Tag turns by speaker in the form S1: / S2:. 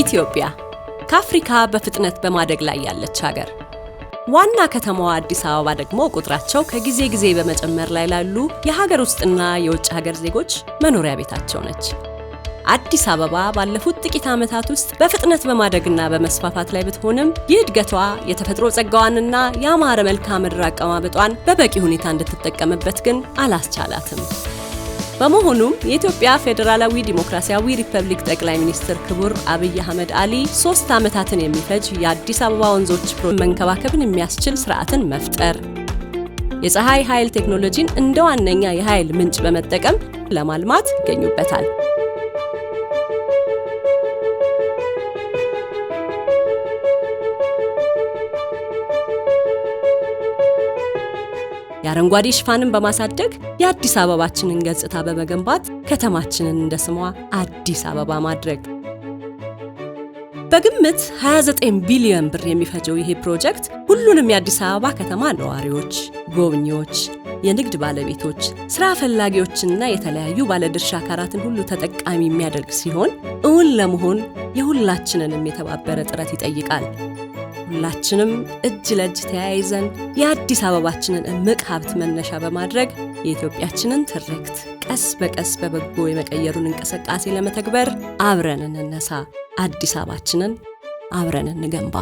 S1: ኢትዮጵያ ከአፍሪካ በፍጥነት በማደግ ላይ ያለች ሀገር፣ ዋና ከተማዋ አዲስ አበባ ደግሞ ቁጥራቸው ከጊዜ ጊዜ በመጨመር ላይ ላሉ የሀገር ውስጥና የውጭ ሀገር ዜጎች መኖሪያ ቤታቸው ነች። አዲስ አበባ ባለፉት ጥቂት ዓመታት ውስጥ በፍጥነት በማደግና በመስፋፋት ላይ ብትሆንም ይህ እድገቷ የተፈጥሮ ጸጋዋንና የአማረ መልክዓ ምድር አቀማመጧን በበቂ ሁኔታ እንድትጠቀምበት ግን አላስቻላትም። በመሆኑም የኢትዮጵያ ፌዴራላዊ ዲሞክራሲያዊ ሪፐብሊክ ጠቅላይ ሚኒስትር ክቡር አብይ አህመድ አሊ ሶስት ዓመታትን የሚፈጅ የአዲስ አበባ ወንዞች መንከባከብን የሚያስችል ስርዓትን መፍጠር፣ የፀሐይ ኃይል ቴክኖሎጂን እንደ ዋነኛ የኃይል ምንጭ በመጠቀም ለማልማት ይገኙበታል። የአረንጓዴ ሽፋንን በማሳደግ የአዲስ አበባችንን ገጽታ በመገንባት ከተማችንን እንደ ስሟ አዲስ አበባ ማድረግ በግምት 29 ቢሊዮን ብር የሚፈጀው ይሄ ፕሮጀክት ሁሉንም የአዲስ አበባ ከተማ ነዋሪዎች፣ ጎብኚዎች፣ የንግድ ባለቤቶች፣ ስራ ፈላጊዎችና የተለያዩ ባለድርሻ አካላትን ሁሉ ተጠቃሚ የሚያደርግ ሲሆን እውን ለመሆን የሁላችንንም የተባበረ ጥረት ይጠይቃል። ሁላችንም እጅ ለእጅ ተያይዘን የአዲስ አበባችንን እምቅ ሀብት መነሻ በማድረግ የኢትዮጵያችንን ትርክት ቀስ በቀስ በበጎ የመቀየሩን እንቅስቃሴ ለመተግበር አብረን እንነሳ። አዲስ አበባችንን አብረን እንገንባ።